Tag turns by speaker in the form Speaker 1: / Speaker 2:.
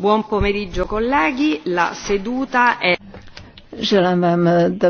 Speaker 1: Buon pomeriggio colleghi, la seduta è...
Speaker 2: Želám vám dobré